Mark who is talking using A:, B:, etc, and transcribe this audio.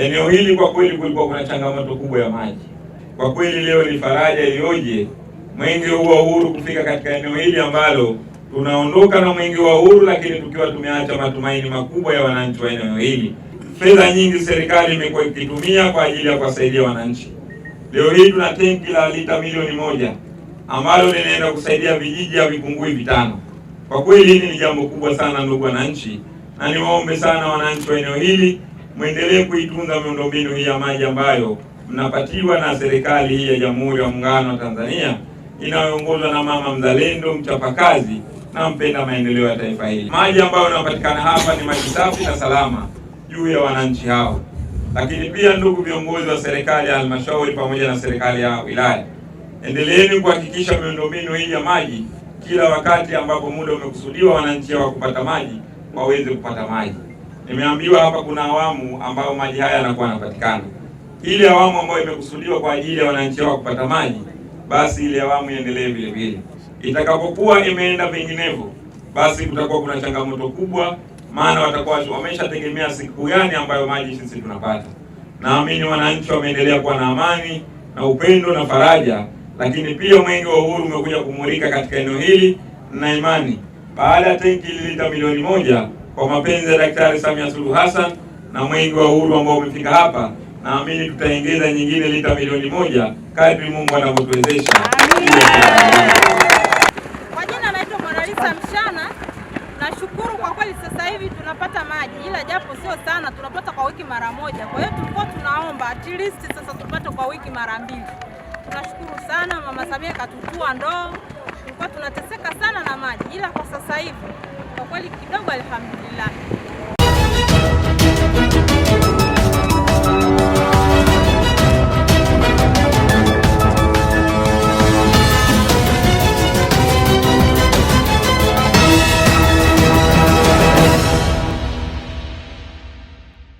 A: Eneo hili kwa kweli kulikuwa kuna changamoto kubwa ya maji. Kwa kweli leo ni faraja iliyoje mwenge huu wa uhuru kufika katika eneo hili ambalo tunaondoka na mwenge wa uhuru, lakini tukiwa tumeacha matumaini makubwa ya wananchi wa eneo hili. Fedha nyingi serikali imekuwa ikitumia kwa ajili ya kuwasaidia wananchi. Leo hii tuna tenki la lita milioni moja ambalo linaenda kusaidia vijiji Vikungui vitano. Kwa kweli hili ni jambo kubwa sana, ndugu wananchi, na niwaombe sana wananchi wa eneo hili mwendelee kuitunza miundombinu hii ya maji ambayo mnapatiwa na serikali hii ya Jamhuri ya Muungano wa Tanzania inayoongozwa na mama mzalendo, mchapakazi na mpenda maendeleo ya taifa hili. Maji ambayo yanapatikana hapa ni maji safi na salama juu ya wananchi hao. Lakini pia, ndugu viongozi wa serikali ya halmashauri pamoja na serikali ya wilaya, endeleeni kuhakikisha miundombinu hii ya maji kila wakati ambapo muda umekusudiwa wananchi wa kupata maji waweze kupata maji. Nimeambiwa hapa kuna awamu ambayo maji haya yanakuwa yanapatikana. Ile awamu ambayo imekusudiwa kwa ajili ya wananchi wa kupata maji, basi ile awamu iendelee vile vile. Itakapokuwa imeenda vinginevyo, basi kutakuwa kuna changamoto kubwa, maana watakuwa wameshategemea siku gani ambayo maji sisi tunapata. Naamini wananchi wameendelea kuwa na amani na upendo na faraja, lakini pia mwenge wa uhuru umekuja kumulika katika eneo hili na imani, baada ya tenki lilita milioni moja kwa mapenzi ya Daktari Samia Suluhu Hassan na mwenge wa uhuru ambao umefika hapa, naamini tutaingiza nyingine lita milioni moja kadri Mungu anavyotuwezesha.
B: Kwa jina naitwa Mshana. Nashukuru kwa kweli, sasa hivi tunapata maji, ila japo sio sana, tunapata kwa wiki mara moja. Kwa hiyo tulikuwa tunaomba at least sasa tupate kwa wiki mara mbili. Tunashukuru sana, Mama Samia katutua ndoo, tulikuwa tunateseka sana na maji, ila kwa sasa hivi kwa kweli kidogo, alhamdulillah.